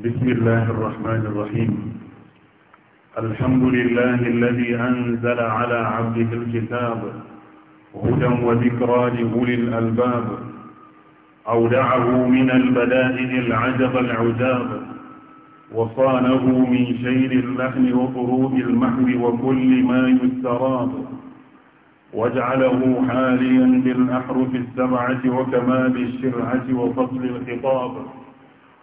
بسم الله الرحمن الرحيم الحمد لله الذي أنزل على عبده الكتاب هدى وذكرى لأولي الألباب أودعه من البدائل العجب العجاب وصانه من شير اللحن وطروب المحو وكل ما يستراب واجعله حاليا بالأحرف السبعة وكمال الشرعة وفصل الخطاب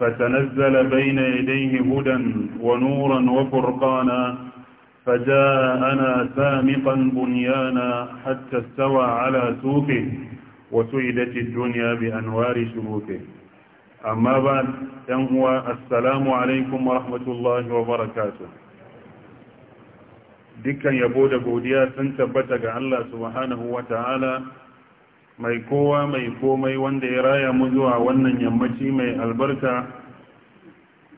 فتنزل بين يديه هدى ونورا وفرقانا فجاءنا سامقا بنيانا حتى استوى على سوقه وسيدت الدنيا بأنوار سلوكه أما بعد ينهو السلام عليكم ورحمة الله وبركاته دكا يبود بوديا سنتبتك الله سبحانه وتعالى mai kowa mai komai wanda ya raya mu zuwa wannan yammaci mai albarka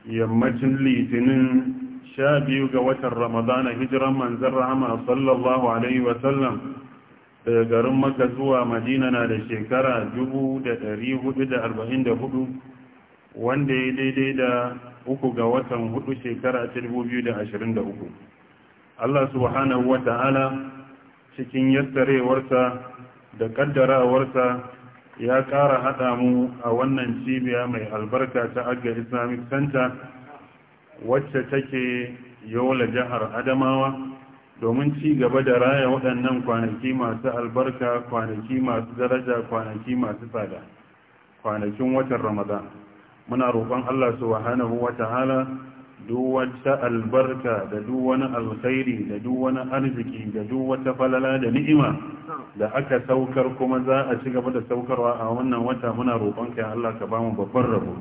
yammacin litinin sha biyu ga watan ramadana hijiran manzan rahama sallallahu alaihi wasallam daga garin maka zuwa madina na da shekara 444 wanda ya daidai da uku ga watan hudu shekara 2023 Allah subhanahu wa ta'ala cikin yastarewarsa da kaddarawarsa ya ƙara haɗa mu a wannan cibiya mai albarka ta agga islamic center wacce take yola jihar adamawa domin ci gaba da raya waɗannan kwanaki masu albarka kwanaki masu daraja kwanaki masu tsada kwanakin watan ramadan muna roƙon allah subhanahu wa ta'ala duk wata albarka da duk alkhairi da duk arziki da duk wata falala da ni'ima da aka saukar kuma za a ci gaba da saukarwa a wannan wata muna roƙonka ya Allah ka bamu babban rabo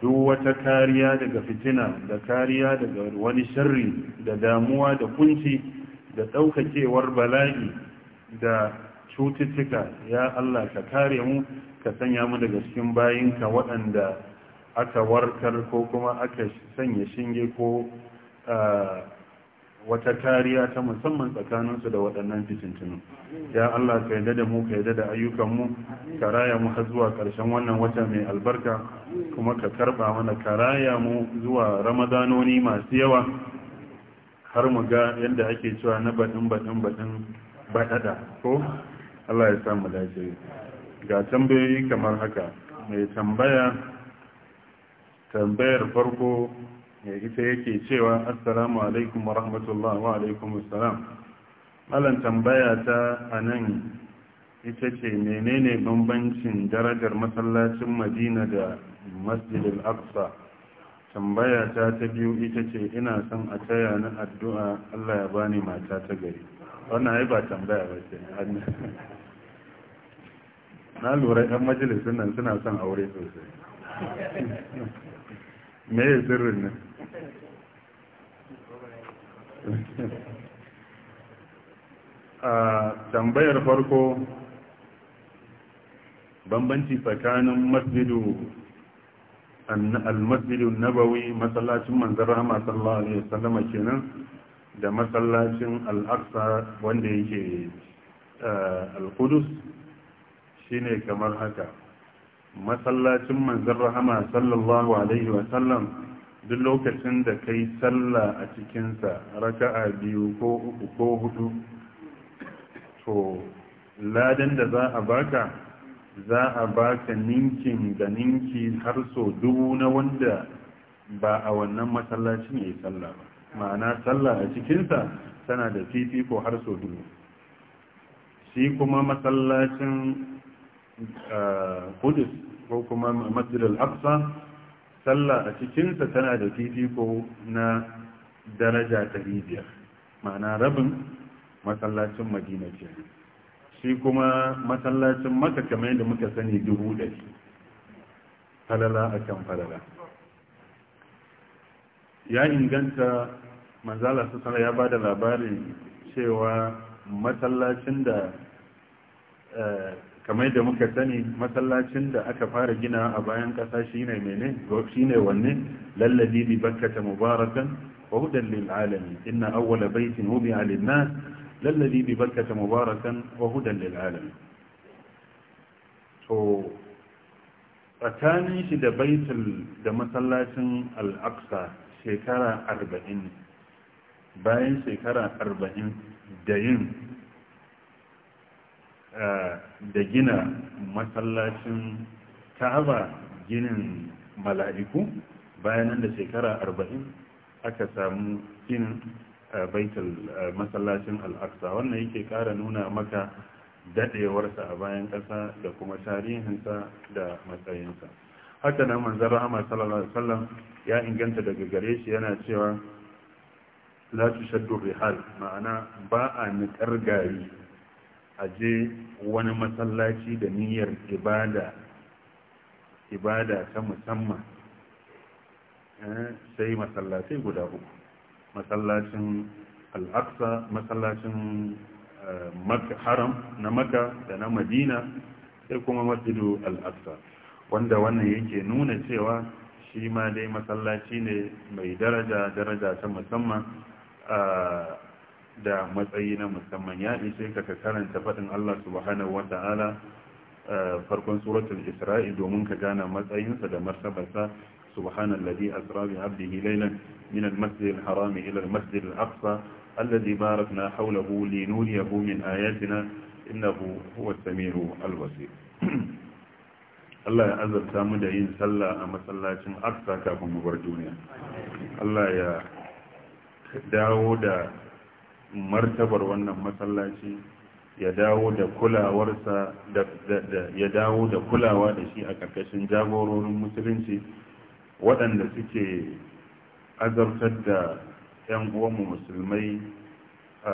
duk wata kariya daga fitina da kariya daga wani sharri da damuwa da kunci da ɗaukakewar bala'i da cututtuka ya Allah ka kare mu ka sanya mu daga cikin bayinka waɗanda aka warkar ko kuma aka sanya shinge ko wata kariya ta musamman tsakaninsu da waɗannan fitintinu ya Allah ka yadda da mu ka yadda da ayyukanmu ka raya mu har zuwa ƙarshen wannan wata mai albarka kuma ka karɓa mana ka raya mu zuwa ramadanoni masu yawa har mu ga yadda ake cewa na baɗin baɗin baɗin baɗaɗa ko Allah ya samu dace ga tambayoyi kamar haka mai tambaya tambayar farko ita yake cewa assalamu alaikum wa rahmatullah wa alaikum assalam malan tambaya ta anan ita ce menene bambancin darajar masallacin madina da masjid al-aqsa tambaya ta ta biyu ita ce ina son a taya na addu'a Allah ya bani mata ta gari wannan ai ba tambaya ba ce na lura 'yan majalisun nan suna son aure sosai me ya sirrin nan a tambayar farko bambanci tsakanin masjidu al-masjidu nabawi masallacin Manzara rahama sallallahu alaihi kenan da masallacin al-aqsa wanda yake eh, al-qudus shine kamar haka masallacin manzan rahama sallallahu alaihi wasallam duk lokacin da ka yi sallah a cikinsa raka'a biyu ko uku ko hudu to ladan da za a baka za a baka ninkin da ninki har so dubu na wanda ba a wannan masallacin ya yi sallah ba ma'ana sallah a cikinsa tana da fifiko har so dubu shi kuma masallacin ah, kudus ko kuma masjid al-aqsa sallah a cikinsa tana da fifiko na daraja ta biyar ma'ana rabin masallacin madina ce shi kuma masallacin maka kamar yadda muka sani dubu shi falala a kan falala ya inganta manzala sassana ya ba da labarin cewa masallacin da eh, kamar da muka sani masallacin da aka fara gina a bayan kasa shine mene ne wanne lallabi bi bakkata mubarakan wa hudan lil alamin inna awwala baytin wubi'a lin nas lallabi bi bakkata mubarakan wa hudan lil alamin to tsakanin shi da baitul da masallacin al-aqsa shekara 40 bayan shekara 40 da yin da gina masallacin ka'aba ginin mala'iku bayanan da shekara arba'in aka samu ginin baitul masallacin al'aksa, wannan yake kara nuna maka daɗewarsa a bayan ƙasa da kuma tarihinsa da matsayinsa haka nan manzon rahama sallallahu alaihi wasallam ya inganta daga gare shi yana cewa la tushaddu rihal ma'ana ba a niƙar gari a je wani masallaci da niyyar ibada ibada ta musamman eh, sai masallaci guda uku masallacin al'aqsa masallacin eh, haram na maka da na madina sai kuma masjidu al'aqsa wanda wannan yake nuna cewa shi ma dai masallaci ne mai daraja daraja ta musamman ah, da matsayi na musamman ya ishe ka ka karanta faɗin Allah subhanahu wa ta'ala eh, farkon suratul isra'i domin ka gana matsayinsa da martabarsa subhanallazi asra bi abdihi laylan min al-masjid al-haram ila al-masjid al-aqsa alladhi barakna hawlahu linuriyahu min ayatina innahu huwa al-basir Allah ya azabta mu da yin sallah a masallacin Aqsa kafin mu bar duniya Allah ya dawo da martabar wannan masallaci ya dawo da kulawarsa ya dawo da kulawa da shi a ƙarƙashin jagororin musulunci waɗanda suke azartar da 'yan uwanmu musulmai a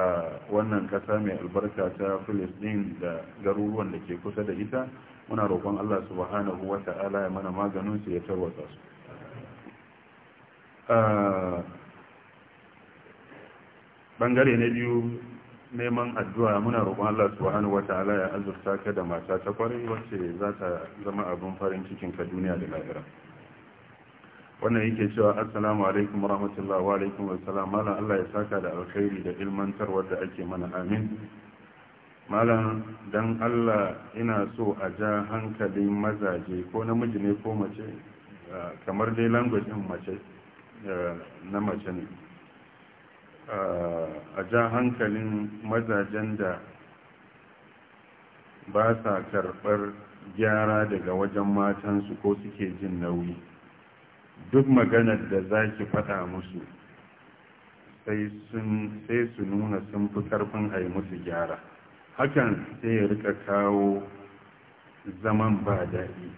wannan ƙasa mai albarka ta filistin da garuruwan da ke kusa da ita muna roƙon allah subhanahu wa ta'ala ya mana maganinsu ya tarwata su bangare na biyu neman addu'a muna roƙon Allah subhanahu ta’ala ya azurta ka da mata ta kwarai wacce za ta zama abin farin cikin ka duniya da lahira wannan yake cewa assalamu alaikum rahmatullah wa alaikum assalam malam Allah ya saka da alkhairi da ilmantar wadda ake mana amin malam dan Allah ina so a ja hankalin mazaje ko namiji ne ko mace kamar dai language din mace eh, na mace ne a ja hankalin mazajen da ba sa karɓar gyara daga wajen matansu ko suke jin nauyi duk maganar da za ki faɗa musu sai su nuna sun fi karfin a musu gyara hakan sai ya rika kawo zaman ba daɗi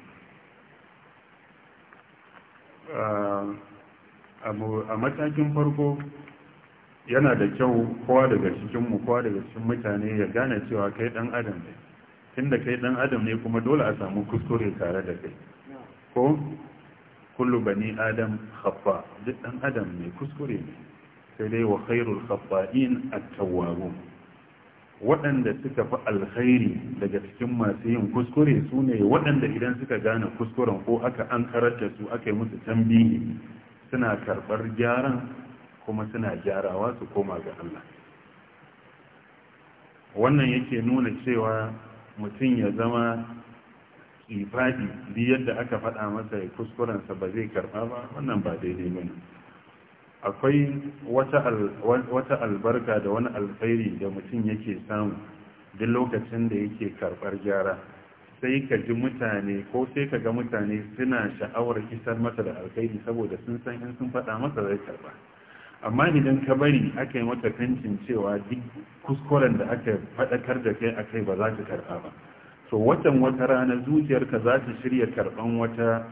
a matakin farko yana da kyau kowa daga cikinmu kowa daga cikin mutane ya gane cewa kai dan adam ne tunda kai dan adam ne kuma dole a samu kuskure tare da kai ko kullu bani adam khaffa duk dan adam ne kuskure ne sai dai wa khairul khaffa'in at-tawwabun waɗanda suka fi alkhairi daga cikin masu yin kuskure su ne waɗanda idan suka gane kuskuren ko aka an da su aka yi musu tambihi suna karɓar gyaran kuma suna gyarawa su koma ga Allah wannan yake nuna cewa mutum ya zama ifadi di yadda aka faɗa masa ya kuskurensa ba zai karɓa ba wannan ba daidai ba akwai wata albarka da wani alkhairi da mutum yake samu duk lokacin da yake karɓar gyara sai ka ji mutane ko sai ka ga mutane suna sha'awar kisar masa da alkhairi saboda sun san in sun faɗa masa zai karɓa amma idan ka bari aka yi mata fentin cewa duk kuskuren da aka faɗakar da kai akai ba za ka karɓa ba to watan wata rana zuciyarka za ta shirya karɓan wata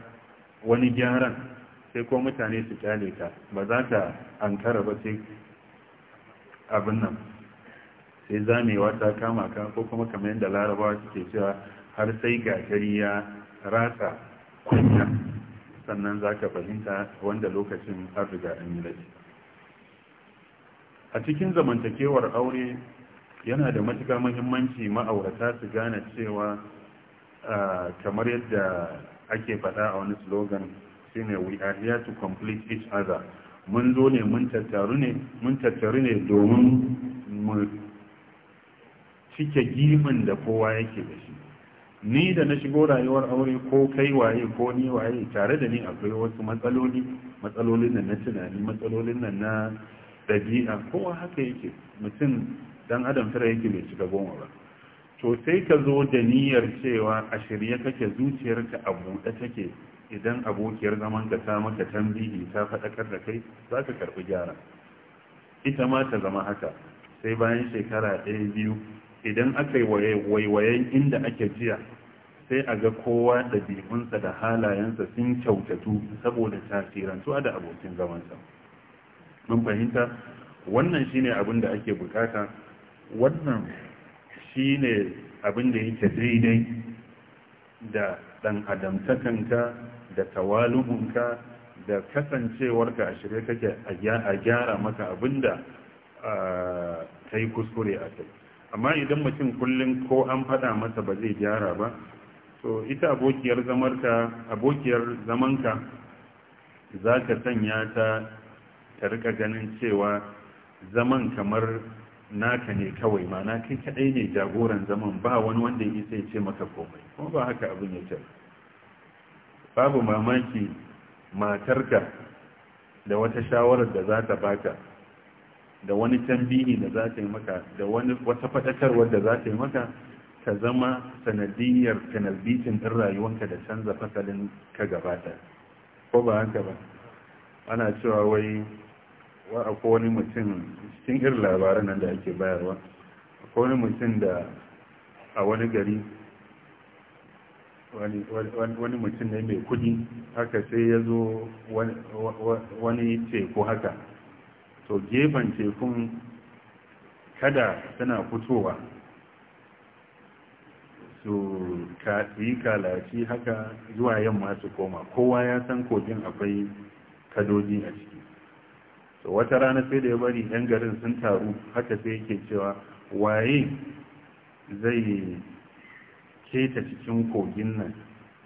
wani gyaran sai ko mutane su kyale ka ba za ka ankara ba sai abin nan sai zamewa ta kama ka ko kuma kamar yadda larabawa suke cewa har sai gashari ya ratsa kunya sannan za ka fahimta wanda lokacin har riga an a cikin zamantakewar aure yana da matuƙa muhimmanci ma'aurata su gane cewa kamar yadda ake faɗa a wani slogan shine we are here to complete each other mun zo ne mun tattaru ne mun tattaru ne domin mu cike gimin da kowa yake da shi ni da na shigo rayuwar aure ko kai waye ko ni waye tare da ni akwai wasu matsaloli matsalolin nan na tunani matsalolin nan na ɗabi'a kowa haka yake mutum dan adam tara yake bai shiga goma ba to sai ka zo da niyyar cewa a shirye kake zuciyarka a buɗe take idan abokiyar zaman ka ta maka tambihi ta faɗakar da kai za ka karɓi gyara ita ma ta zama haka sai bayan shekara ɗaya biyu idan aka yi waiwayen inda ake jiya sai a ga kowa ɗabi'unsa da halayensa sun kyautatu saboda tasirantuwa da abokin zamansa. mun fahimta wannan shine abin da ake bukata wannan shine abin da yake daidai da dan adamtakanka da tawaluhunka da kasancewarka a shirye kake a gyara maka abin da ta yi kuskure a kai amma idan mutum kullum ko an faɗa masa ba zai gyara ba to ita abokiyar zamanka za ka sanya ta ta rika ganin cewa zaman kamar naka ne kawai mana kai kadai ne jagoran zaman ba wani wanda ya sai ce maka komai kuma ba haka abin ya ce babu mamaki matarka da wata shawarar da za ta baka da wani tambihi da za ta yi maka da wani wata fadakarwar da za ta yi maka ta zama sanadiyar kanalbitin ɗin rayuwanka da canza fasalin ka gabata ko ba haka ba ana cewa wai wa a wani mutum cikin irin labaran nan da ake bayarwa a wani mutum da a wani gari wani mutum ne mai kudi haka sai ya zo wani teku haka to gefen tekun kada tana fitowa su yi kalaci haka zuwa yamma su koma kowa ya san kogin akwai kadoji a ciki to wata rana sai da ya bari yan garin sun taru haka sai yake cewa waye zai keta cikin kogin nan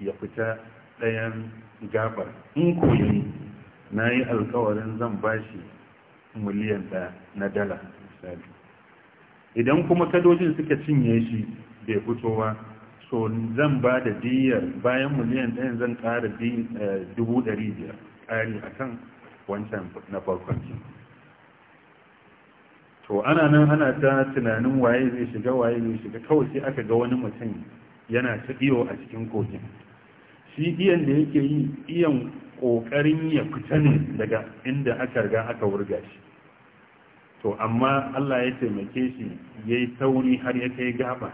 ya fita ɗayan gabar in koyi na yi alkawarin zan bashi miliyan da na dala misali idan kuma kadojin suka cinye shi bai fitowa so zan ba da diyar bayan miliyan ɗayan zan ƙara eh, dubu ɗari biyar ƙari a kan wancan na farkon ne. to ana nan ana ta tunanin waye zai shiga waye zai shiga kawai sai aka ga wani mutum yana ta iyo a cikin kogin shi iyan da yake yi iyan ƙoƙarin ya fita ne daga inda aka riga aka wurga shi to amma Allah ya taimake shi ya yi tauri har ya kai gaba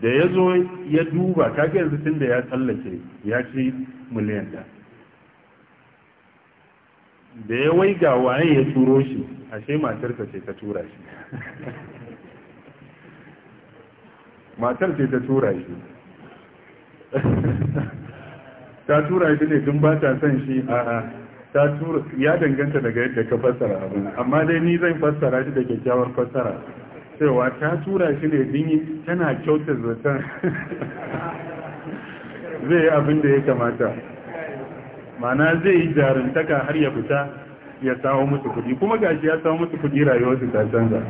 da ya zo ya duba kaga yanzu tun da ya tsallake ya ci miliyan da da ya wai ga waye ya turo shi ashe ka ce ta tura shi matar ce ta tura shi ta tura shi ne tun ba ta son shi a ta tura ya danganta daga yadda ka fassara abin amma dai ni zan fassara shi da kyakkyawar fassara cewa ta tura shi ne dinyi tana kyautar zaton zai yi abin da ya kamata mana zai yi jarintaka har ya fita ya samu musu kudi kuma gashi ya samu musu kudi rayuwarsu ta canza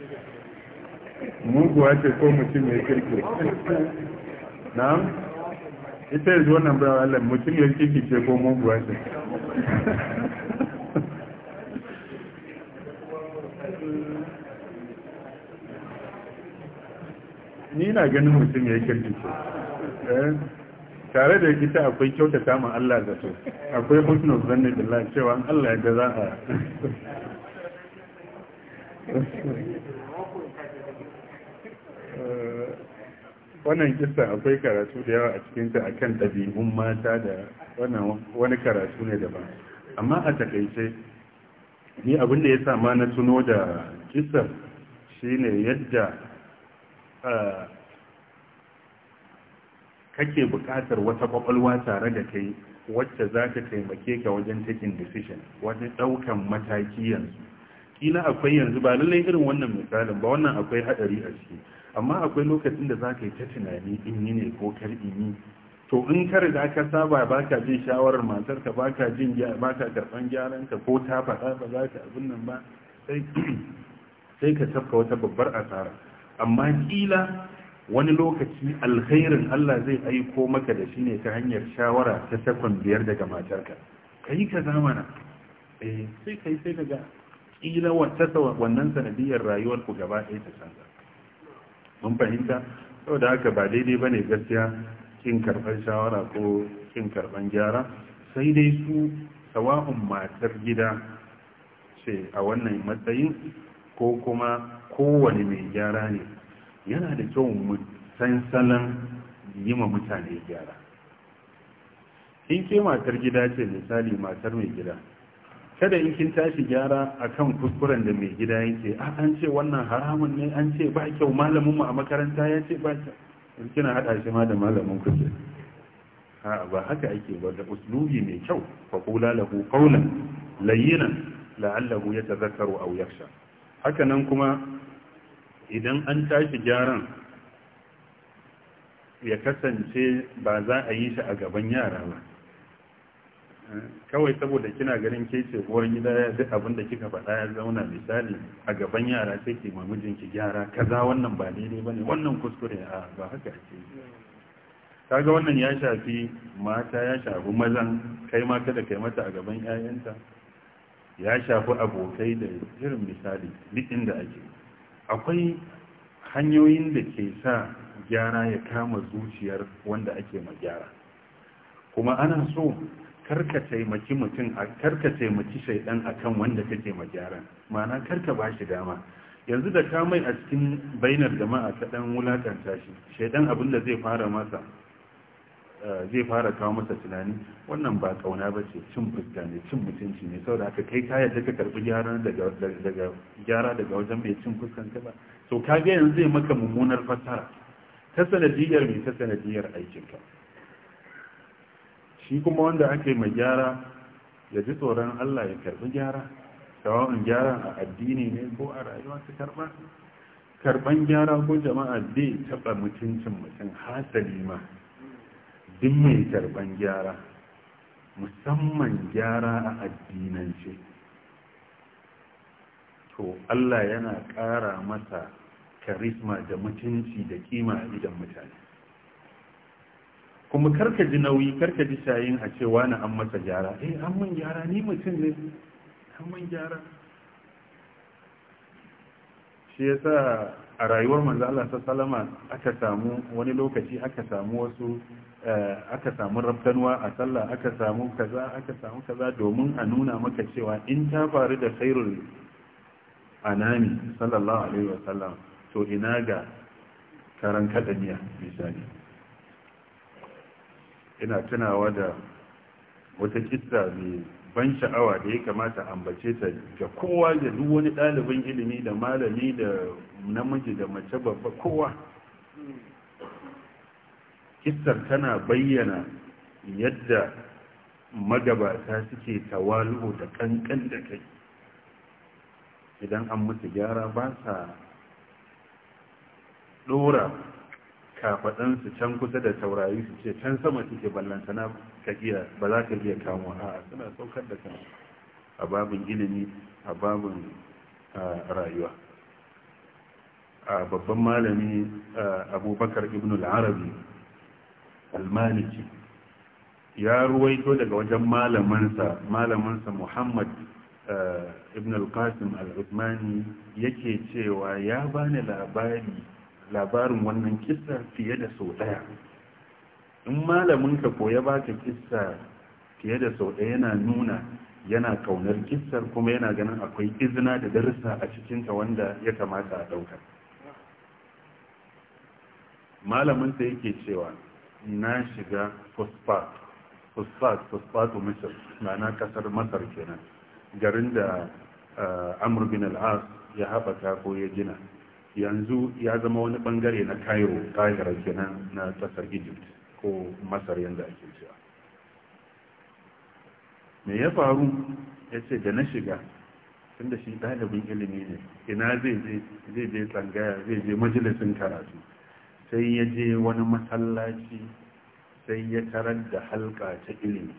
muguwa ce ko mutum mai kirki na'am ita yanzu wannan bayan Allah mutum ya kirki ce ko muguwa ce ni na ganin mutum ya kirki ce eh? tare da ita akwai kyautata ma Allah da su akwai husnul da billah cewa Allah ya za a wannan kissa akwai karatu da yawa a cikinta akan ɗabi'un mata da wani karatu ne daban amma a takaice ni abin da ya sa ma na tuno da shi shine yadda ah, kake buƙatar wata ƙwaƙwalwa tare da kai wacce za ta taimake ka wajen taking decision wajen ɗaukan mataki yanzu kila akwai yanzu ba lallai irin wannan misalin ba wannan akwai haɗari a ciki amma akwai lokacin da za ka yi ta tunani in yi ne ko kar in yi to in ka riga ka saba ba ka jin shawarar matarka ba ka jin ba ka karɓan gyaranka ko ta faɗa ba za ka abin nan ba sai ka tafka wata babbar asara amma kila wani lokaci alkhairin Allah zai aiko maka da shi ne ta hanyar shawara ta sakon biyar daga matarka ka yi ka zamana eh sai ka yi sai daga ila wata wannan sanadiyar rayuwar ku gaba ɗaya ta canza mun fahimta saboda haka ba daidai ba ne gaskiya kin karɓar shawara ko kin karɓar gyara sai dai su sawa'un matar gida ce a wannan matsayin ko kuma kowane mai gyara ne yana da kyau mu san salon yi ma mutane gyara in ke matar gida ce misali matar mai gida kada in kin tashi gyara akan kuskuren da mai gida yake a an ce wannan haramun ne an ce ba kyau malamin mu a makaranta ya ce ba kyau kina hada shi ma da malamin ce a ba haka ake ba da uslubi mai kyau fa qula lahu qawlan layyinan la'allahu yatazakkaru aw yakhsha haka nan kuma idan an tashi gyaran ya kasance ba za a yi shi a gaban yara ba kawai saboda kina ganin ke ce uwar gida duk abin da kika faɗa ya zauna misali a gaban yara sai ke ki gyara kaza wannan ba daidai ba ne wannan kuskure a ba haka Ta kaga wannan ya shafi mata ya shafi mazan kai ma da kai mata a gaban 'ya'yanta ya shafi abokai da irin misali duk inda ake akwai hanyoyin da ke sa gyara ya kama zuciyar wanda ake ma gyara kuma ana so karka taimaki mutum a karka taimaki shaidan akan wanda kake ma gyara ma'ana karka ba shi dama yanzu da kamai a cikin bainar jama'a ta dan wulakanta shi shaidan abin da zai fara masa Eh, zai fara kawo masa tunani wannan ba kauna ba ce cin fuska ne cin mutunci ne saboda aka kai ta yadda ka karɓi gyara daga gyara daga wajen mai cin fuskan ka ba to ka ga yanzu zai maka mummunar fasara ta sanadiyar mai ta sanadiyar aikin ka shi kuma wanda yi mai gyara ya ji tsoron Allah ya karɓi gyara sawa'un gyara a addini ne ko a rayuwa ta karɓa. karɓan gyara ko jama'a zai taɓa mutuncin mutum hasali ma duk mai karban gyara musamman gyara a addinance to Allah yana ƙara masa karisma da mutunci da kima a idan mutane kuma karka ji nauyi karka ji shayin a cewa wani an masa gyara eh an man gyara ni mutum ne an man gyara shi yasa a rayuwar manzo Allah sallallahu aka samu wani lokaci aka samu wasu Eh, aka samu rafkanuwa a sallah aka samu kaza aka samu kaza domin a nuna maka cewa in ta faru da khairul anami sallallahu alaihi wa sallam to ina ga karan kadaniya misali ina tunawa da wata kissa mai ban sha'awa da ya kamata ambace ta ga kowa da duk wani ɗalibin ilimi da malami da namiji da mace babba kowa kissar tana bayyana yadda magabata suke tawalu da kankan da kai idan an musu gyara ba sa dora kafadansu can kusa da taurari su ce can sama suke ballanta na kakiya ba za ka iya kamo a suna saukar da kan a babin ilimi a babin rayuwa a babban malami abubakar ibn al-arabi almaliki ya ruwaito daga wajen malamansa malamansa muhammad eh, ibn al-qasim al-uthmani yake cewa ya bani labari labarin wannan kissa fiye da sau daya in malaminka ko ya baka kissa fiye da sau daya yana nuna yana kaunar kissar kuma yana ganin akwai izina da darussa a cikinta wanda ya kamata a ɗauka malaminsa yake cewa na shiga fosfat, fosfat phosphate misir ma'ana kasar masar kenan garin da eh, amur bin ya haɓaka ko ya gina yanzu ya zama wani bangare na cairo ƙahirar kenan na ƙasar egypt ko masar yadda ake cewa me ya faru ya ce da na shiga tunda shi ɗalibin ilimi ne ina zai je tsangaya zai je majalisin karatu sai ya je wani masallaci sai ya tarar da halka ta ilimi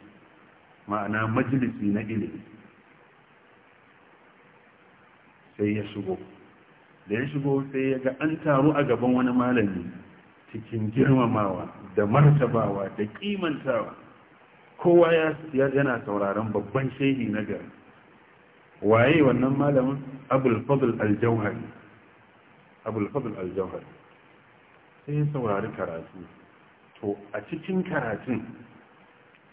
ma'ana majalisi na ilimi sai ya shigo da ya shigo sai ya ga an taru a gaban wani malami cikin girmamawa da martabawa da kimantawa kowa ya yana sauraron babban shehi na gari waye wannan malamin abul fadl al-jawhari sai ya saurari karatu to a cikin karatun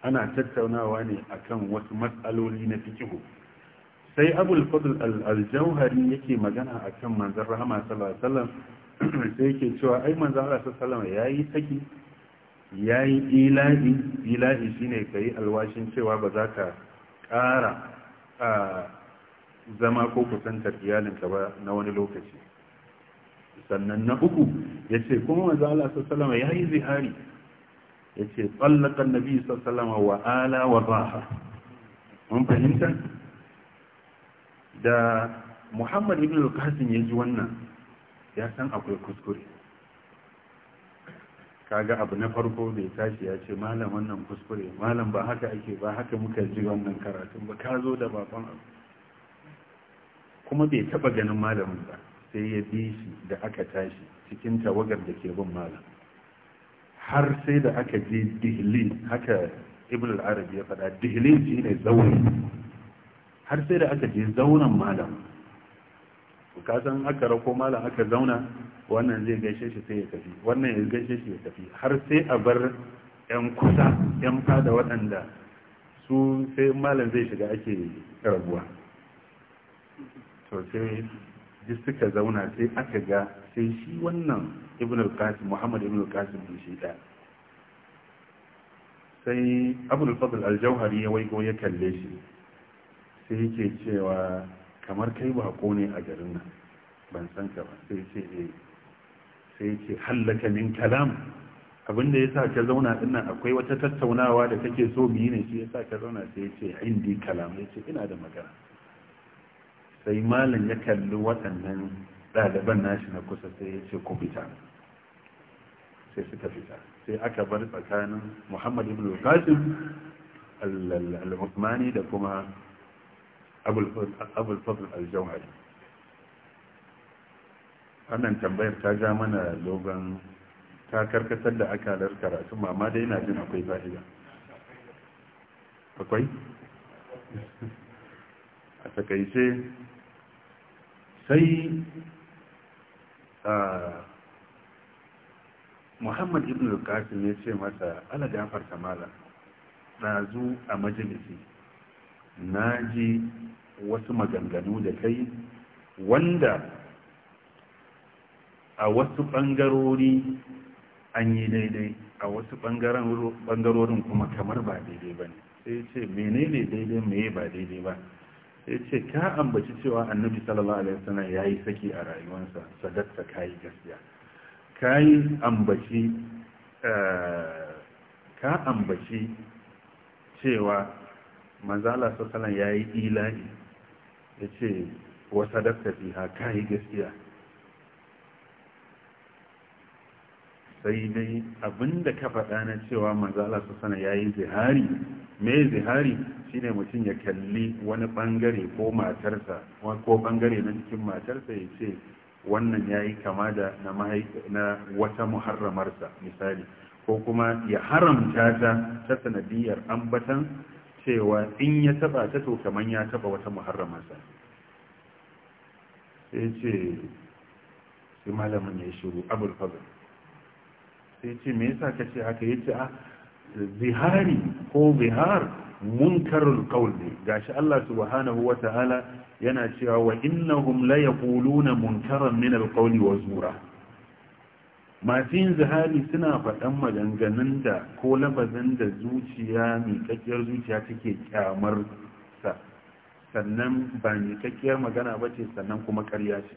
ana tattaunawa ne akan wasu matsaloli na fikihu sai abul fadl al jawhari yake magana akan manzon rahama sallallahu alaihi wasallam sai yake cewa ai manzon Allah sallallahu alaihi wasallam yayi saki yayi ilahi ilahi shine kai alwashin cewa ba za ka ƙara ah, zama ko kusantar iyalinka ba na wani lokaci sannan na uku ya ce kuma manzo Allah salama ya yi zihari ya ce tsallakan nabi sallama wa ala wa raha mun fahimta da muhammad ibn al-qasim ya ji wannan ya san akwai kuskure kaga abu na farko bai tashi ya ce malam wannan kuskure malam ba haka ake ba haka muka ji wannan karatun ba ka zo da baban abu kuma bai taba ganin malamin ba sai ya bi shi da aka tashi cikin tawagar da ke bin malam har sai da aka je dihlin haka ibn al-arabi ya faɗa dihlin shi ne zaune har sai da aka je zaunan malam san aka rako malam aka zauna wannan zai gaishe shi sai ya tafi wannan ya gaishe shi ya tafi har sai a bar yan kusa yan fada waɗanda su sai malam zai shiga ake rabuwa to sai duk suka zauna sai aka ga sai shi wannan ibn al-qasim muhammad ibn al-qasim bin shi sai abul fadl al-jauhari ya waigo ya kalle shi sai yake cewa kamar kai ko ne a garin nan ban san ka ba sai ce eh sai ce hallaka min kalam abinda yasa ka zauna dinnan akwai wata tattaunawa da kake so mu yi ne shi yasa ka zauna sai ce indi kalam yace ina da magana sai malam ya kalli waɗannan ɗaliban nashi na kusa sai ya ce ku fita sai suka fita sai aka bar tsakanin muhammad ibn qasim al uthmani da kuma abul fadl al-jawhari wannan tambayar ta ja mana dogon ta karkatar da akalar karatu amma dai ina jin akwai fa'ida akwai a takaice sai muhammad ibn al-qasim ya ce masa ala gafar samala ɗazu a majalisi na ji wasu maganganu da kai wanda a wasu ɓangarori an yi daidai a wasu ɓangarorin kuma kamar ba daidai ba ne sai ce menene daidai mai ba daidai ba ya ce ka ambaci cewa annabi sallallahu alaihi wasallam ya yi saki a rayuwarsa sadaka kai gaskiya ka yi ambaci eh, ka ambaci cewa manzala sassalan ya yi ila'i ya ce wa sadaka Fi ha kai gaskiya sai dai abinda ka faɗa na cewa sallallahu alaihi ya yi zihari me zihari shine mutum ya kalli wani bangare ko matarsa ko bangare na cikin matarsa ya ce wannan ya yi kama da na wata muharramarsa misali ko kuma ya haramta ta ta sanadiyar ambatan cewa in ya taba ta to kaman ya taba wata muharramarsa sai ce malamin ya shiru abul sai ce me yasa kace haka yace a ah, zihari ko Bihar, munkarul qawl ne gashi Allah subhanahu wataala yana cewa wa innahum la yaquluna munkaran min alqawli wa zura masu yin zihari suna faɗan maganganun da ko lafazin da zuciya kakkiyar zuciya take kyamar sa sannan ba kakkiyar magana ba ce sannan kuma karya ce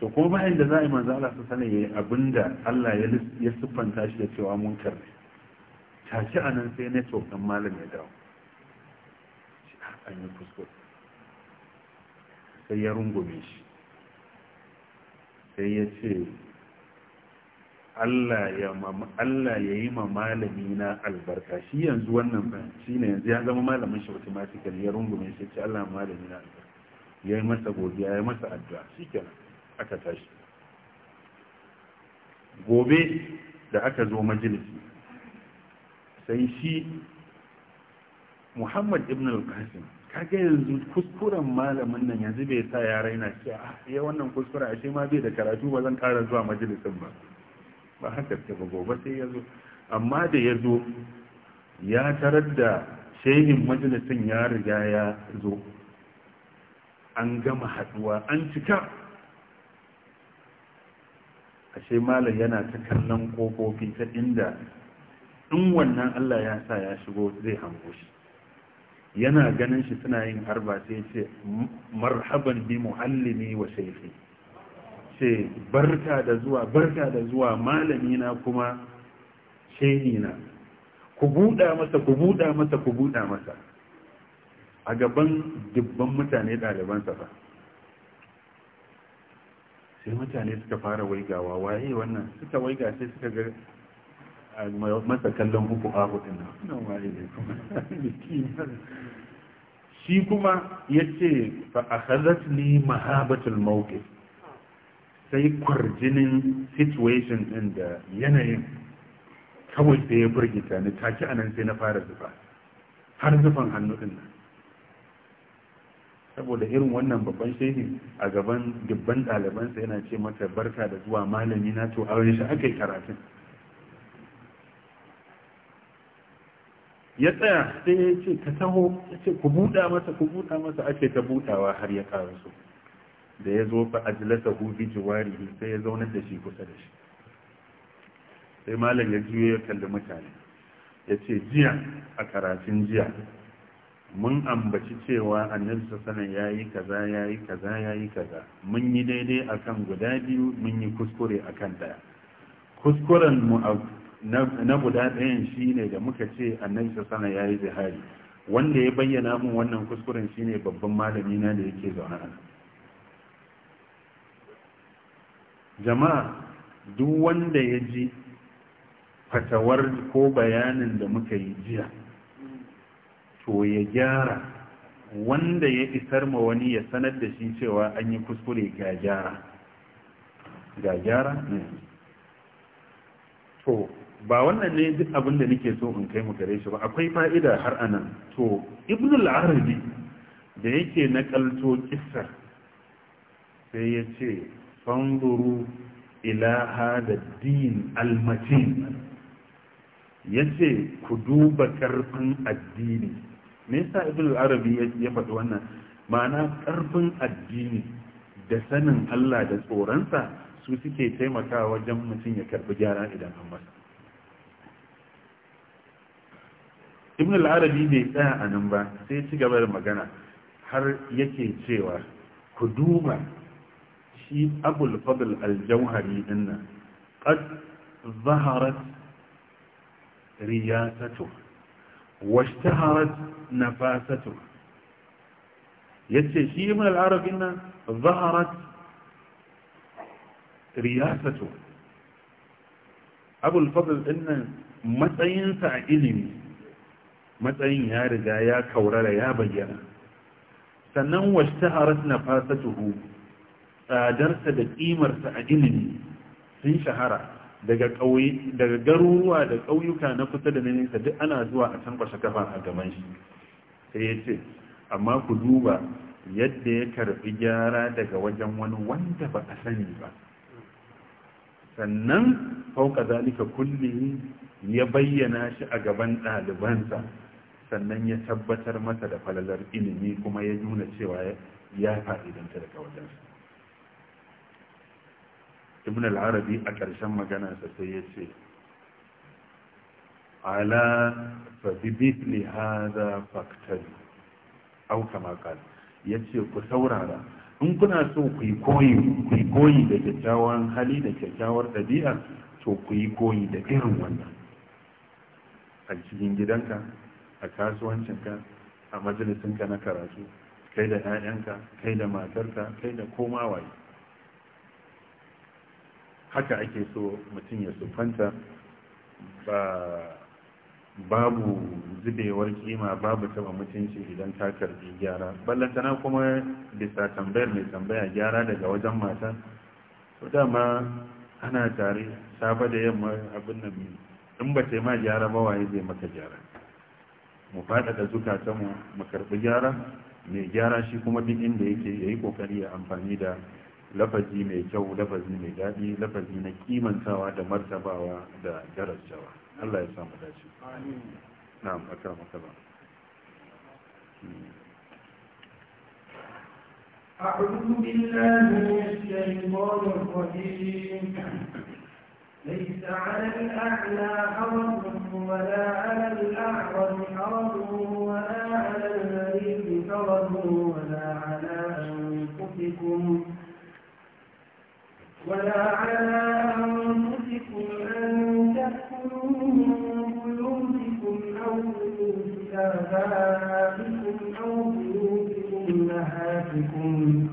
to kuma bayan da za a yi manzo Allah su sanar yayi abinda Allah ya siffanta shi da cewa munkar ne tashi a nan sai network ɗan malam ya dawo an yi fuskot sai ya rungume shi sai ya ce Allah ya yi ma malami na albarka shi yanzu wannan bayan shi ne yanzu ya zama malamin shi automatically ya rungume shi ce Allah malami na albarka ya yi masa godiya ya yi masa addu'a shi aka tashi gobe da aka zo majalisi sai shi muhammad ibn al-qasim kage yanzu kuskuren malamin nan yanzu bai sa ya raina shi a ah, ya eh, wannan kuskure ashe ma bai da karatu ba zan kara zuwa majalisin ba ba haka ce ba gobe sai ya amma da yazo zo ya tarar da shehin majalisin ya riga ya zo an gama haduwa an cika ashe malam yana ta kallon kofofi ta inda in wannan Allah ya sa ya shigo zai hango shi yana ganin shi suna yin harba sai ce marhaban bi muallimi wa shaifi ce barka da zuwa barka da zuwa malami na kuma shehi na ku buɗa masa ku buɗa masa ku buɗa masa a gaban dubban mutane ɗalibansa ba sai mutane suka fara waigawa waye wannan suka waiga sai suka ga masa kallon uku a hudun shi kuma ya ce a ne mahabatul mauke, sai kwarjinin situation ɗin da yanayin kawai da ya burgita ni ki anan sai na fara zufa har zufan hannu ɗin nan saboda irin wannan babban shehi a gaban dubban ɗalibansa yana ce mata barka da zuwa malami na to a wani shi aka yi karatun ya tsaya sai ya ce ka taho ya ce ku buɗa masa ku buɗa masa ake ta buɗawa har ya ƙara su. da ya zo fa ajilasa hu bi jiwari sai ya zaunar da shi kusa da shi sai malam ya juyo ya kalli mutane ya ce jiya a karatun jiya mun ambaci cewa annabi sa ya yi kaza yayi kaza ya kaza mun yi daidai akan guda biyu mun yi kuskure akan daya kuskuren mu na guda ɗayan shi ne da muka ce annabi sana ya yi zihari wanda ya bayyana mun wannan kuskuren shi ne babban malami na da yake zaune a jama'a duk wanda ya ji fatawar ko bayanin da muka yi jiya to ya gyara wanda ya isar ma wani ya sanar da shi cewa an yi kuskure ga gyara ga gyara hmm. to ba wannan ne duk abin da nake so in kai mu gare shi ba akwai fa'ida har anan to ibn al-arabi da yake na nakalto kissar sai ya ce fanzuru ila hada din al-matin yace ku duba karfin addini me yasa ibn al-arabi ya faɗi wannan ma'ana karfin addini da sanin Allah da tsoronsa su suke taimakawa wajen mutum ya karbi gyara idan an masa ibn al-arabi bai tsaya a nan ba sai ci gaba da magana har yake cewa ku duba shi abul fadl al-jauhari dinnan qad zaharat riyasatu washtaharat nafasatu yace shi ibn al-arabi nan zaharat riyasatu abul fadl dinnan matsayinsa a ilimi matsayin ya riga ya kaurara ya bayyana sannan fasa tuhu. tsadarsa da ƙimarsa a ilimi sun shahara daga garuruwa da ƙauyuka na kusa da nesa duk ana zuwa a can kwashe kafa a gaban shi sai ya ce amma ku duba yadda ya karɓi gyara daga wajen wani wanda ba a sani ba sannan fauka zalika kullum ya bayyana shi a gaban ɗalibansa sannan ya tabbatar mata da falalar ilimi kuma ya nuna cewa ya fa'idanta daga wajensa ibn al-arabi a ƙarshen maganarsa sai ya ce ala fadibit li hada faktari auka makar ya ce ku saurara in kuna so ku yi koyi da kyakkyawan hali da kyakkyawar ɗabi'a to ku yi koyi da irin wannan a cikin gidanka a kasuwancinka a majalisinka na karatu kai da 'ya'yanka kai da matarka kai da koma waye haka ake so mutum ya sufanta ba babu zubewar kima babu taba mutunci idan ta karbi gyara ballantana kuma bisa tambayar mai tambaya gyara daga wajen mata to dama ana tare safa da yamma abin nan in ba ma gyara ba waye zai maka gyara mu faɗaɗa zukatanmu mu mu karɓi gyara mai gyara shi kuma duk inda yake ya yi ƙoƙari ya amfani da lafazi mai kyau lafazi mai daɗi lafazi na kimantawa da martabawa da darajawa Allah ya samu dace na'am akram akram أعوذ بالله من الشيطان الرجيم ليس على الأعلى حرج ولا على الأعرج حرج ولا على المريض فرج ولا على أنفسكم ولا على أنفسكم أن تأكلوا من بيوتكم أو بيوت آبائكم أو بيوت أمهاتكم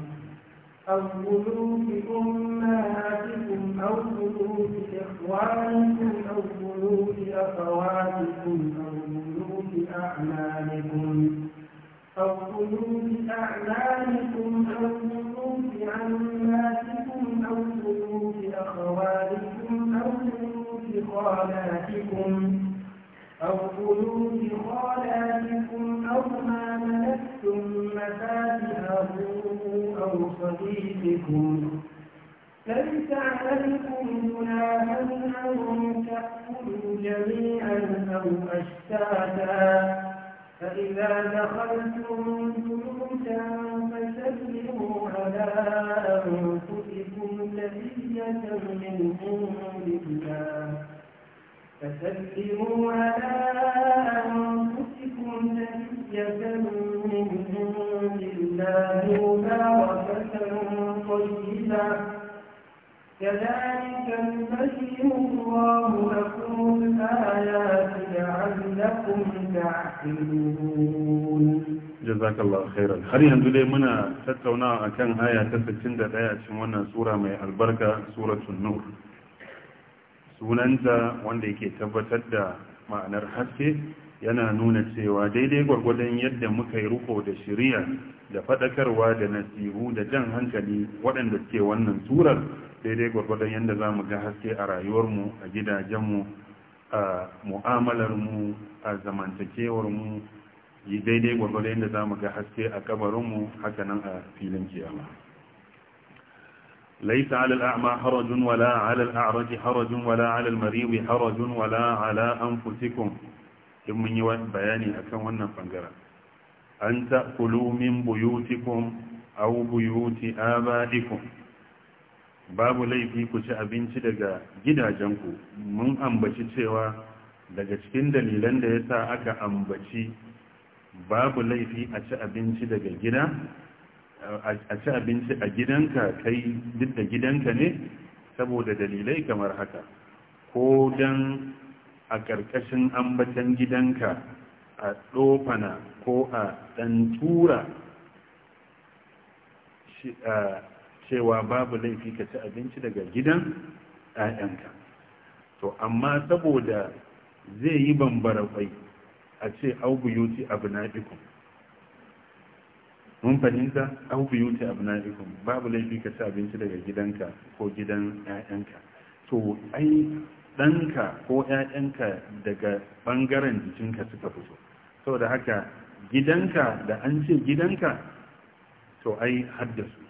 أو بيوت أمهاتكم أو بيوت إخوانكم أو بيوت أخواتكم أو بيوت أعمالكم أو بيوت أعمالكم أو بيوت عماتكم أو بيوت أخواتكم أو بيوت خالاتكم أو بيوت خالاتكم أو ما ملكتم مفاتحه أو صديقكم فليس عليكم أن تأكلوا جميعا أو أشتاتا فإذا دخلتم بيوتا فسلموا على أنفسكم تحية من عند الله فسلموا على أنفسكم تحية من عند الله مباركة طيبة كذلك يبين الله لكم الآيات لعلكم تعقلون جزاك الله خيرا har yanzu dai muna tattaunawa akan haya ta 61 a cin wannan sura mai albarka suratul nur sunanta wanda yake tabbatar da ma'anar haske yana nuna cewa daidai gwargwadon yadda muka yi ruko da shirya da faɗakarwa da nasihu da jan hankali waɗanda suke wannan surar daidai gwargwadon yadda za mu ga haske a rayuwarmu a gidajenmu a mu'amalarmu a zamantakewarmu yi daidai gwargwadon yadda za mu ga haske a kabarinmu nan a filin kiyama ليس على الأعمى حرج ولا على الأعرج حرج ولا على المريض حرج ولا على أنفسكم in mun yi bayani akan wannan bangaren an ta kulu min buyutikum aw buyuti abaikum babu laifi ku ci abinci daga gidajenku mun ambaci cewa daga cikin dalilan da ya sa aka ambaci babu laifi a ci abinci daga gida a ci abinci a gidanka kai duk da gidanka ne saboda dalilai kamar haka ko don a ƙarƙashin ambatan gidanka a ɗofana ko a ɗan tura cewa babu laifi ka ci abinci daga gidan 'ya'yanka to amma saboda zai yi bambara kwai a ce aubuyuti abna'ikum mun fahimta aubuyuti abna'ikum babu laifi ka ci abinci daga gidanka ko gidan 'ya'yanka to ai ɗanka ko 'ya'yanka daga ɓangaren jikinka suka fito saboda haka gidanka da an ce gidanka to ai haddasu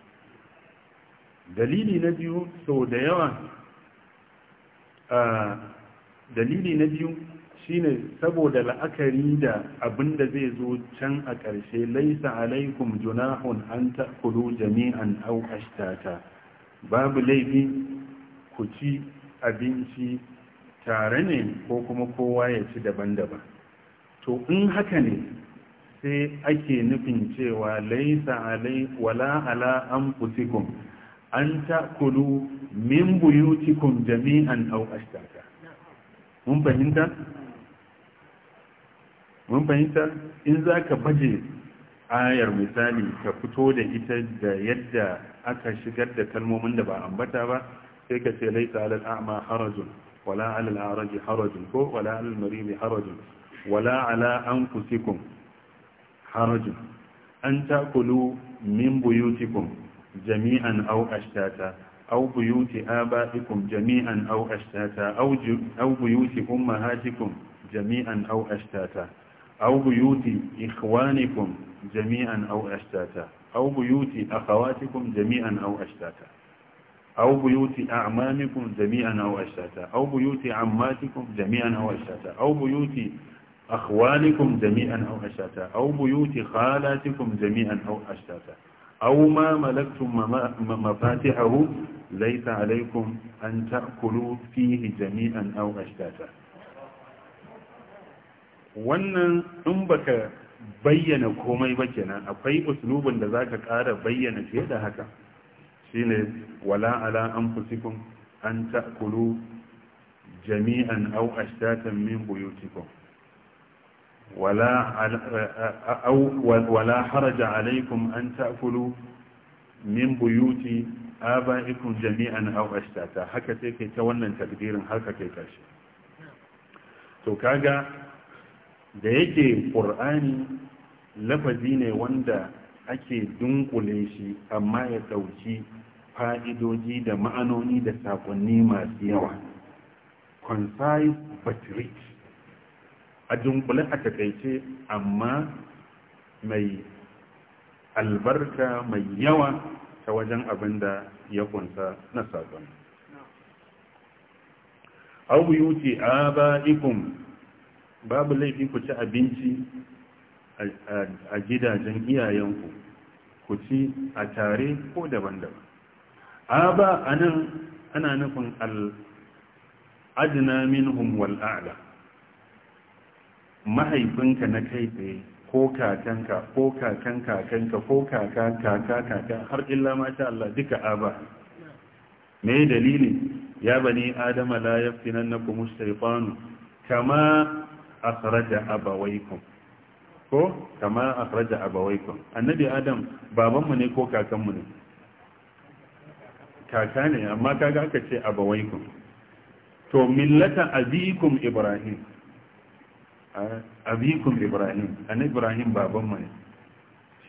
dalili na biyu sau da yawa dalili na biyu shine saboda la'akari da abin da zai zo can a ƙarshe laisa alaikum junahun an kudu jami'an au ashtata babu laifin ku ci abinci tare ne ko kuma kowa ya ci daban-daban to in haka ne sai ake nufin cewa laisa alai wala ala anfusikum an ta kudu min buyutikum jami'an aw ashtata mun fahimta mun fahimta in zaka baje ayar misali ka fito da ita da yadda aka shigar da kalmomin da ba ambata ba sai ka ce laisa alal a'ma harajun wala alal araji harajun ko wala alal marimi harajun wala ala anfusikum harajun an ta kulu min buyutikum جميعا أو أشتاتا أو بيوت آبائكم جميعا أو أشتاتا أو, أو بيوت أمهاتكم جميعا أو أشتاتا أو بيوت إخوانكم جميعا أو أشتاتا أو بيوت أخواتكم جميعا أو أشتاتا أو بيوت أعمامكم جميعا أو أشتاتا أو بيوت عماتكم جميعا أو أشتاتا أو بيوت أخوالكم جميعا أو أشتاتا أو بيوت خالاتكم جميعا أو أشتاتا أو ما ملكتم مفاتحه ليس عليكم أن تأكلوا فيه jami'an أو أشتاتا wannan in baka bayyana komai ba kenan akwai uslubin da zaka ƙara bayyana fiye da haka shine wala ala anfusikum an ta'kulu jami'an aw ashtatan min buyutikum ولا حرج عليكم أن تأكلوا من بيوت آبائكم جميعا أو أشتاتا haka sai kai ta wannan takdirin haka kai kashi to kaga da yake qur'ani lafazi ne wanda ake dunkule shi amma ya dauki fa'idoji da ma'anoni da sakonni masu yawa concise but rich a dunkule a takaice amma mai albarka mai yawa ta wajen abin da ya kunsa na sabon abu yuti aba'ikum babu laifi ku ci abinci a gidajen iyayenku ku ci a tare ko daban-daban A aba anan ana nufin al'adina minhum wal'ala mahaifinka na kai tsaye ko kakanka ko kakan kakanka ko kaka kaka kaka har illa masha Allah duka aba me dalili ya bani adama la yaftinannakum ash-shaytanu kama akhraja abawaykum ko kama akhraja abawaykum annabi adam babanmu ne ko kakanmu ne kaka ne amma kaga aka ce abawaykum to millata abikum ibrahim abikum ibrahim an ibrahim babanmu ne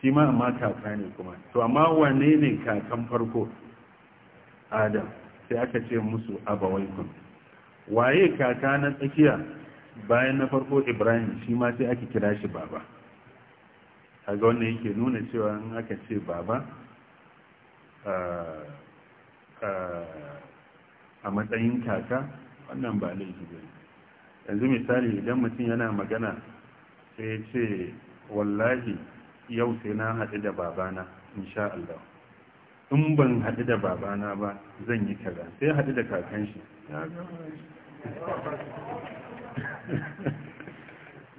shi ma amma kaka ne kuma to amma wane ne kakan farko adam sai aka ce musu abawaikum waye kaka na tsakiya bayan na farko ibrahim shi ma sai aka kira shi baba kaga wannan yake nuna cewa in aka ce baba a matsayin kaka wannan ba laifi ba yanzu misali idan mutum yana magana sai ya ce wallahi yau sai na haɗu da babana insha Allah in ban haɗu da babana ba zan yi kaza sai ya haɗu da kakan shi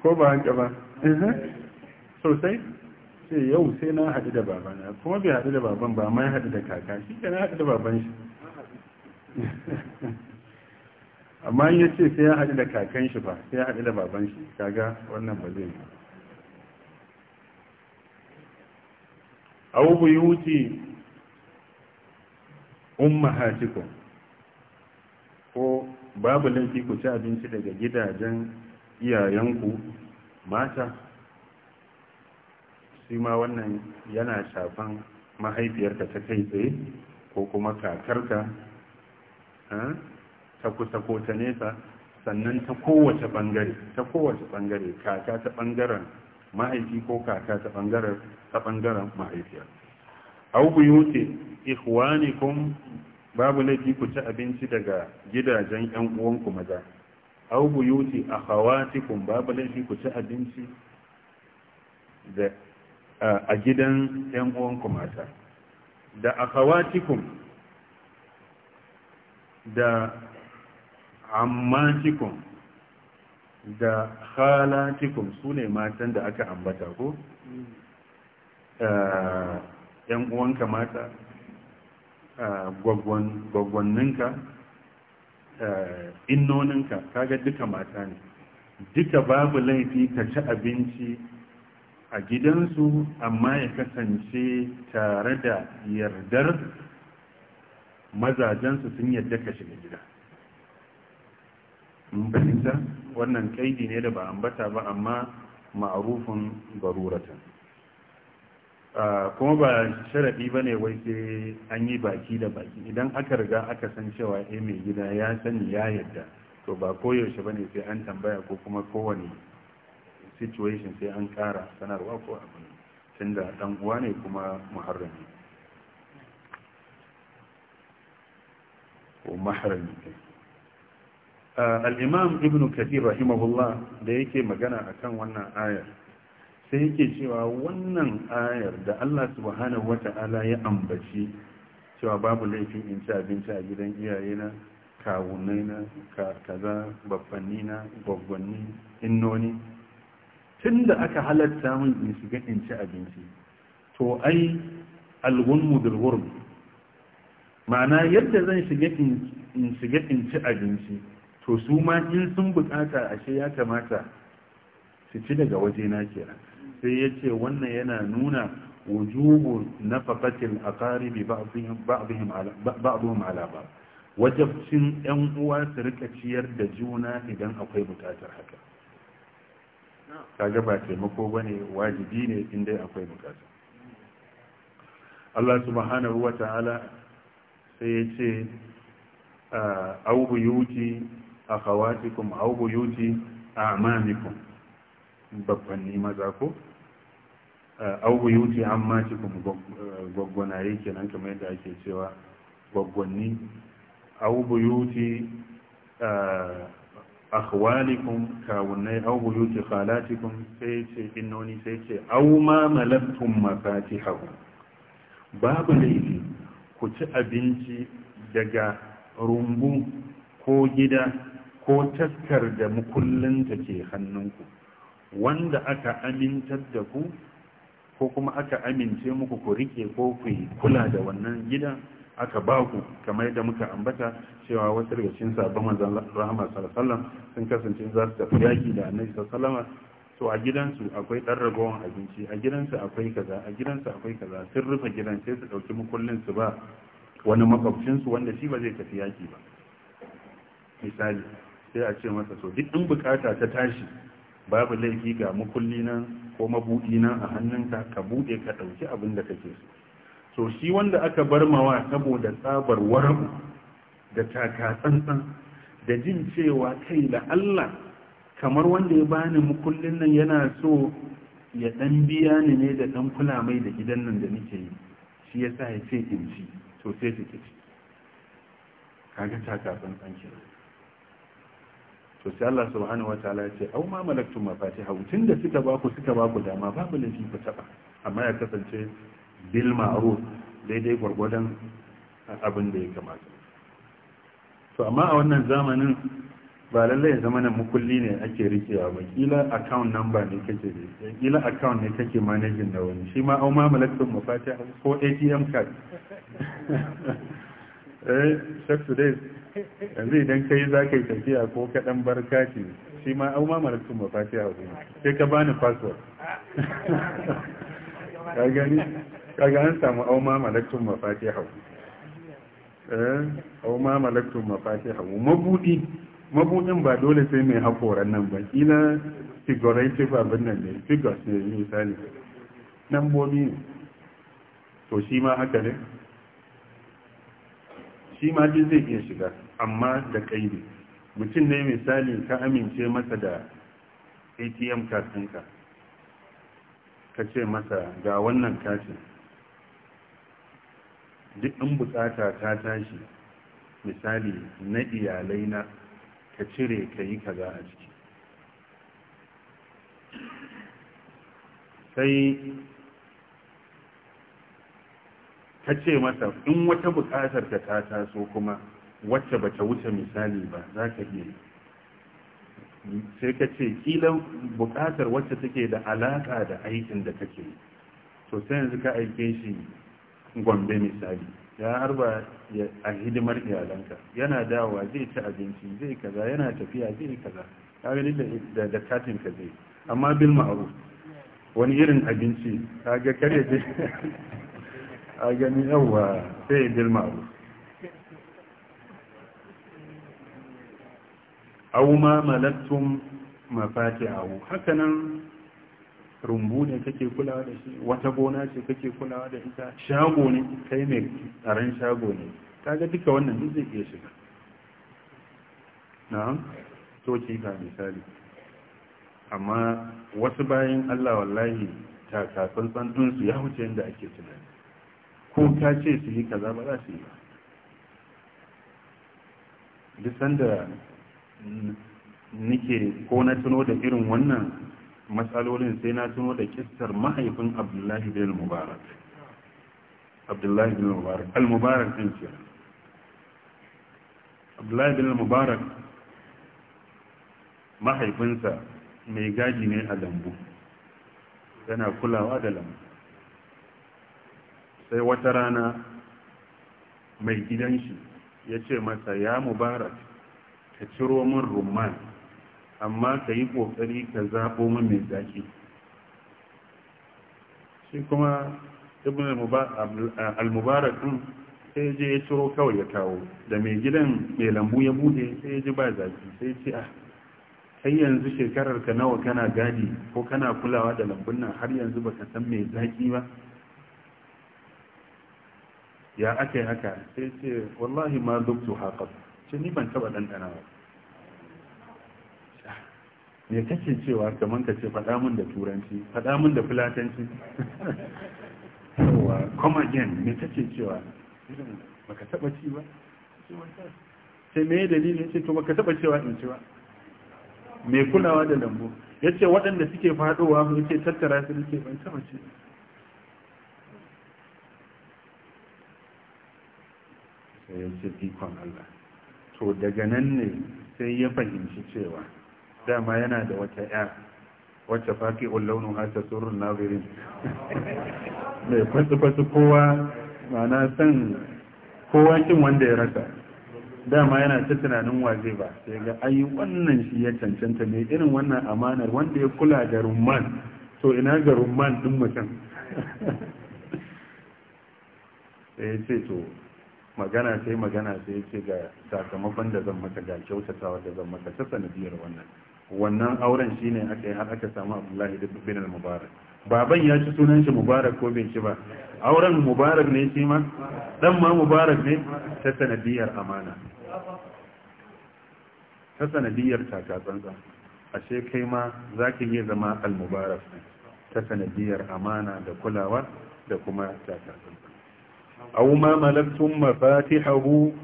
ko ba haka ba sosai sai yau sai na haɗu da babana kuma bai haɗu da baban ba ma ya haɗu da kaka shi ke na haɗu da baban shi amma in ya ce sai ya haɗu da kakan shi ba sai ya haɗu da baban shi kaga wannan ba zai yi aw umma ummahatikum ko babu laifi ku ci abinci daga gidajen iyayenku mata shi ma wannan yana shafan mahaifiyarka ta kai tsaye ko kuma kakarka eh? ta kusa ko ta nesa sannan ta kowace bangare ta kowace bangare kaka ta bangaren mahaifi ko kaka ta bangaren ta bangaren mahaifiyar au buyuti ikhwanikum babu laifi ku ci abinci daga gidajen yan uwanku maza au buyuti akhawatikum babu laifi ku ci abinci da a gidan yan uwanku mata da akhawatikum da ammatikum da khalatikum su ne matan da aka ambata ko eh, yan uwanka mata eh, gwagwanninka eh, innoninka kaga duka mata ne duka babu laifi ka ci abinci a gidansu amma ya kasance tare da yardar mazajensu sun yarda ka shiga gida mun fahimta wannan kaidi ne da ba ambata ba amma ma'arufin baruratan kuma ba sharaɗi ba ne wai sai an yi baki da baki idan aka riga aka san cewa eh mai gida ya sani ya yadda to ba koyaushe ba ne sai an tambaya ko kuma kowane situation sai an ƙara sanarwa ko abin tunda ɗan uwa ne kuma muharrami ko maharami al'imam ibn kathir rahimahullah da yake magana akan wannan ayar sai yake cewa wannan ayar da Allah subhanahu wata'ala ya ambaci cewa babu laifin in ci abinci a gidan iyayena kawunaina kaza babbannina gwaggwanni innoni tunda aka halatta min in shiga in ci abinci to ai algunmu dilgurmi ma'ana yadda zan shiga in ci abinci to su ma in sun bukata ashe ya kamata su ci daga waje na kira sai ya ce wannan yana nuna wujubu nafaqatil ba a ba'dhum ala ba'd wajabcin yan uwa su rika ciyar da juna idan akwai bukatar haka kaga ba taimako bane wajibi ne in dai akwai bukata Allah subhanahu wa ta'ala sai ya ce ah, au buyuti akhawatikum aw buyuti a'mamikum babbanni maza ko eh, aw buyuti ammatikum gwaggwanaye eh, kenan kamar yadda ake cewa gogonni aw buyuti eh, akhwalikum kawunai aw buyuti khalatikum sai ce innoni sai ce aw ma malaktum mafatihahu babu laifi ku ci abinci daga rumbu ko gida ko taskar da mukullinta ke hannunku wanda aka amintar da ku ko kuma aka amince muku ku rike ko ku kula da wannan gidan aka ba ku kamar yadda muka ambata cewa wasu daga cikin sabon manzon rahama sallallahu sun kasance za su tafi yaki da annabi sallallahu to a gidansu akwai dan ragowar abinci a gidansu akwai kaza a gidansu akwai kaza sun rufe gidan sai su dauki mukullin su ba wani makwabcin su wanda shi ba zai tafi yaki ba misali sai a ce masa so duk in bukata ta tashi babu laifi ga makulli nan ko mabuɗi nan a hannunka ka buɗe ka ɗauki abin da kake so to shi wanda aka bar mawa saboda tsabar warabu da taka tsantsan da jin cewa kai da Allah kamar wanda ya bani mukullin nan yana so ya ɗan biya ni ne da ɗan kula mai da gidan nan da nake yi shi yasa sa ya ce in ci to sai su ci kaga taka tsantsan kenan to sai Allah subhanahu wa ya ce au ma malaktum mafatiha tun da suka baku suka baku dama babu laifi ku taba amma ya kasance bil ma'ruf daidai gwargwadon abin da ya kamata to amma a wannan zamanin ba lallai zama na mukulli ne ake rikewa ba kila account number ne kake da kila account ne kake managing da wani shi ma auma malakatun Fatiha ko atm card eh check today yanzu idan kai za ka yi tafiya ko kaɗan barka ce shi ma au ma maratun ba fati a hudu sai ka bani password ka gani ka gani samu au ma maratun ba fati a hudu eh, au ma maratun ba fati a hudu mabuɗi mabuɗin ba dole sai mai hakoran nan ba kila ce abin nan ne figures ne misali nan bobi ne to shi ma haka ne shi ma duk zai iya shiga amma da kaidi mutum ne misali ka amince masa da atm katinka ka ce masa ga wannan katin duk in bukata ta tashi misali na iyalai na ka cire ka yi kaza a ciki sai ka ce masa in wata bukatar ka ta taso kuma wacce ba ta wuce misali ba za ka iya sai ka ce kila bukatar wacce take da alaƙa da aikin da kake to sai yanzu ka aike shi gombe misali ya harba a hidimar iyalanka yana dawa zai ci abinci zai kaza yana tafiya zai kaza Ka gani da katin ka zai amma bil ma'aru wani irin abinci ga kare a gani yawa sai bil ma'aru au ma malattum Haka hakanan rumbu ne kake kulawa da shi wata gona ce kake kulawa da ita shago ne kai mai tsaron shago ne kaga duka wannan duk zai iya shiga na'am to ki ka misali amma wasu bayan Allah wallahi kafin tsantun su ya wuce yadda ake tunani ko ka ce su yi kaza ba za su yi ba duk sanda nike ko na tuno da irin wannan matsalolin sai na tuno da kistar mahaifin abdullahi bin mubarak abdullahi bin mubarak al-mubarak din ce abdullahi bin mubarak mahaifinsa mai gaji ne a lambu yana kulawa da lambu sai wata rana mai gidan shi ya ce masa ya mubarak ka ciro min rumman amma ka yi ƙoƙari ka zaɓo min mai zaƙi shi kuma ibn al-mubarak ɗin sai je ya ciro kawai ya kawo da mai gidan mai lambu ya bude sai ya ji ba zaƙi sai ce ah kai yanzu shekarar ka nawa kana gadi ko kana kulawa da lambun nan har yanzu baka san mai zaƙi ba ya ake haka sai ce wallahi ma duktu haƙa ce ni ban taba dandana ba me kake cewa kamar ka ce faɗa min da turanci faɗa min da fulatanci yawa come again me kake cewa baka taba ci ba sai me dalilin ce to baka taba cewa in ci ba me kulawa da lambu yace waɗanda suke faɗowa mu yace tattara su nake ban taba ci sai yace fikon Allah to daga nan ne sai ya fahimci cewa dama yana da wata ya wacce faƙi ullaunu hata surun nazirin mai fasu-fasu kowa mana san kowa kin wanda ya rasa dama yana ta tunanin waje ba sai ga ayi wannan shi ya cancanta ne irin wannan amanar wanda ya kula da rumman to ina ga rumman din mutum sai ya ce to magana sai magana sai yake ga sakamakon da zan maka ga kyautatawa da zan maka ta sanadiyar wannan wannan auren shine aka yi har aka samu abdullahi bin al-mubarak baban ya ci sunan shi mubarak ko bai shi ba auren mubarak ne shi ma dan ma mubarak ne ta sanadiyar amana ta sanadiyar tsantsa ashe kai ma ka iya zama al-mubarak ta sanadiyar amana da kulawa da kuma tsantsa Au ma malaktum mafatihahu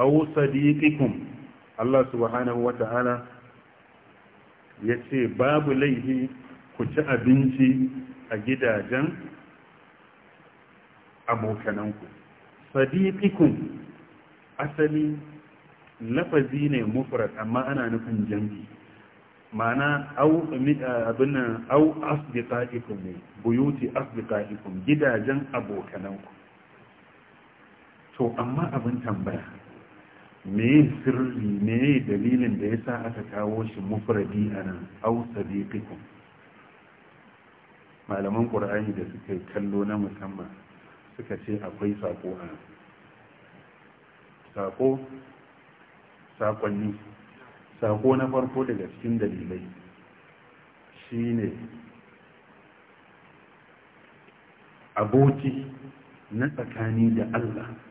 aw sadiqikum Allah subhanahu wata'ala yace babu laifi ku ci abinci a gidajen abokananku sadiqikum asali lafazi ne mufrad amma ana nufin jambi ma'ana au abin nan ne buyuti asdiqaikum gidajen abokananku to amma abin tambaya me sirri ne dalilin da ya sa aka kawo shi mufradi a nan au sadiqikum malaman ƙur'ani da suka yi kallo na musamman suka ce akwai sako a sako sakonni sako na farko daga cikin dalilai shine aboki na tsakani da Allah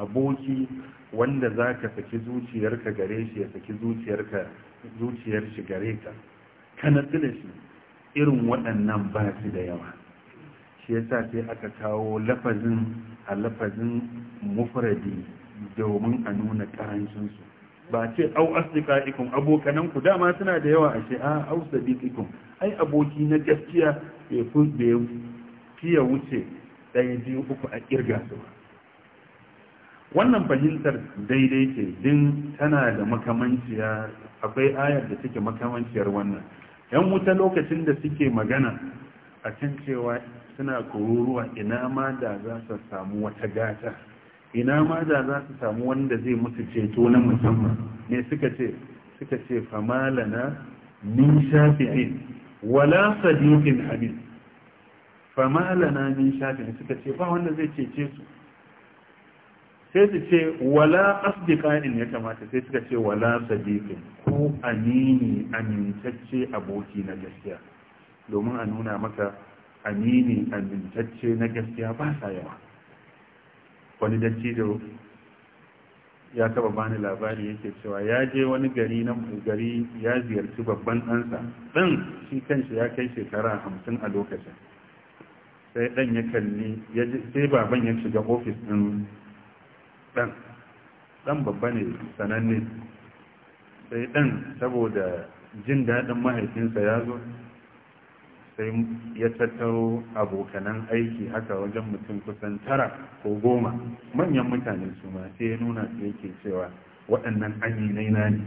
aboki wanda za ka saki zuciyarka gare shi ya saki zuciyarka zuciyar shi gare ka ka natsu da shi irin waɗannan ba su da yawa shi yasa sai aka kawo lafazin a lafazin mufradi domin a nuna karancinsu ba ce au asdika abokanan abokananku dama suna da yawa a ce a ah, au sadiqikum ai aboki na gaskiya ya fiye wuce ɗaya biyu uku a ƙirga su ba wannan fahimtar daidai ce din tana da makamanciya akwai ayar da take makamanciyar wannan yan wuta lokacin da suke magana a can cewa suna kururuwa ina ma da za su samu wata gata ina ma da za su samu wanda zai mutu ceto na musamman ne suka ce suka ce na min shafi'in wala sadiqin habib na min shafi'in suka ce ba wanda zai cece su sai su ce wala asdiqain ya kamata sai suka ce wala sadiqin ko amini amintacce aboki na gaskiya domin a nuna maka amini amintacce na gaskiya ba sa yawa wani dattijo ya taba bani labari yake cewa ya je wani gari na gari ya ziyarci babban ɗansa ɗan shi kanshi ya kai shekara hamsin a lokacin sai ɗan ya kalli sai baban ya shiga ofis ɗin ɗan ɗan babba ne sananne sai ɗan saboda jin daɗin mahaifinsa ya zo sai ya tattaro abokanan aiki haka wajen mutum kusan tara ko goma manyan mutane su ma sai ya nuna su yake cewa waɗannan aminai na ne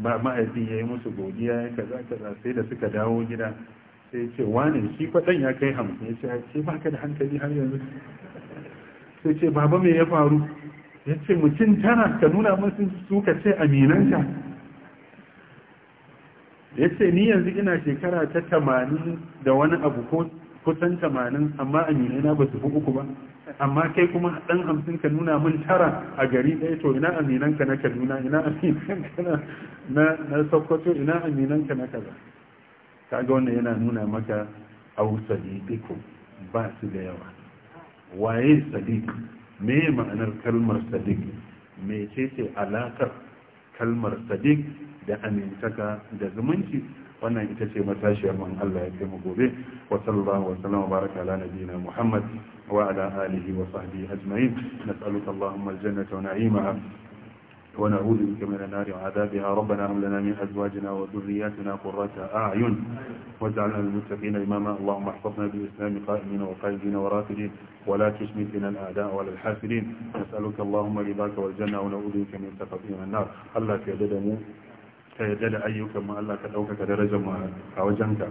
ba ma'aikin ya yi musu godiya ya kaza kaza sai da suka dawo gida sai ce wane shi kwaɗan ya kai hamsin ya ce ya ce ba ka da hankali har yanzu sai ce baba me ya faru ya ce mutum tara ka nuna masu suka ce aminanka ya ce ni yanzu ina shekara ta tamanin da wani abu ko kusan tamanin amma aminana ba su fi uku ba amma kai kuma ɗan hamsin ka nuna min tara a gari ɗaya to ina aminanka na kaduna ina aminanka na sokoto ina aminanka na kaza kaga wannan yana nuna maka au sadiqiku ba su da yawa waye sadiq me ma'anar kalmar sadiq me ce ce alakar kalmar sadiq da amintaka da zumunci wannan ita ce matashiyar man Allah ya kai gobe wa sallallahu wa sallama baraka ala nabiyina Muhammad wa ala alihi wa sahbihi ajma'in nas'aluka Allahumma al-jannata wa na'imaha ونعوذ بك من النار وعذابها ربنا هم لنا من أزواجنا وذرياتنا قرة أعين واجعلنا للمتقين إماما اللهم احفظنا بالإسلام قائمين وقائدين ورافدين ولا تشمت لنا الأعداء ولا الحاسدين نسألك اللهم رضاك والجنة ونعوذ بك من سخطك النار الله في عدد ka yarda da ayyukan mu Allah ka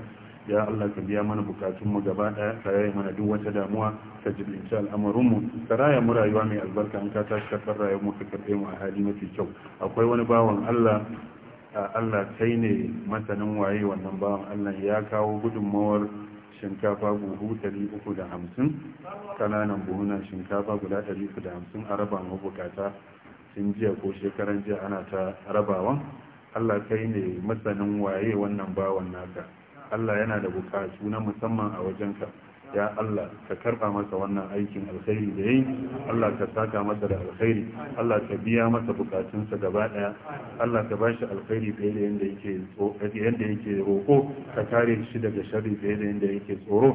ya Allah ka biya mana bukatunmu gaba daya ka yaye mana duk wata damuwa ka jibinci al'amarinmu ka raya mu rayuwa mai albarka an ka tashi karɓar rayuwar mu ka karɓe mu a hali mafi kyau akwai wani bawan Allah Allah kai ne masanin waye wannan bawan Allah ya kawo gudunmawar shinkafa buhu 350 kananan buhunan shinkafa guda 350 a raba mabukata sun jiya ko shekaran jiya ana ta rabawan Allah kai ne masanin waye wannan bawan naka Allah yana da bukatu na musamman a wajenka ya Allah ka karba masa wannan aikin alkhairi da yayi Allah ka saka masa da alkhairi Allah ka biya masa bukatunsa gaba daya Allah ka bashi alkhairi fiye da yanda yake tsoro yanda yake roko ka kare shi daga sharri fiye da yanda yake tsoro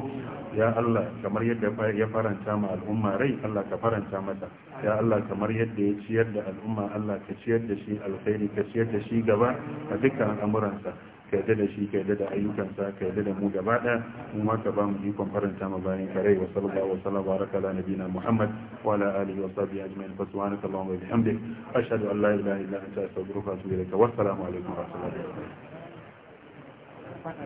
ya Allah kamar yadda ya faranta ma al'umma rai Allah ka faranta masa ya Allah kamar yadda ya ciyar da al'umma Allah ka ciyar da shi alkhairi ka ciyar da shi gaba a dukkan al'amuransa ka yadda da shi ka yadda da ayyukansa ka yadda da mu gaba ɗaya mu ma ka ba mu ikon faranta ma bayan ka rai wa wa sallam muhammad wa ala alihi wa sahbihi ajma'in fa subhanaka allahumma wa bihamdik ashhadu an la ilaha illa anta astaghfiruka wa atubu ilaik wa assalamu alaikum wa rahmatullahi wa barakatuh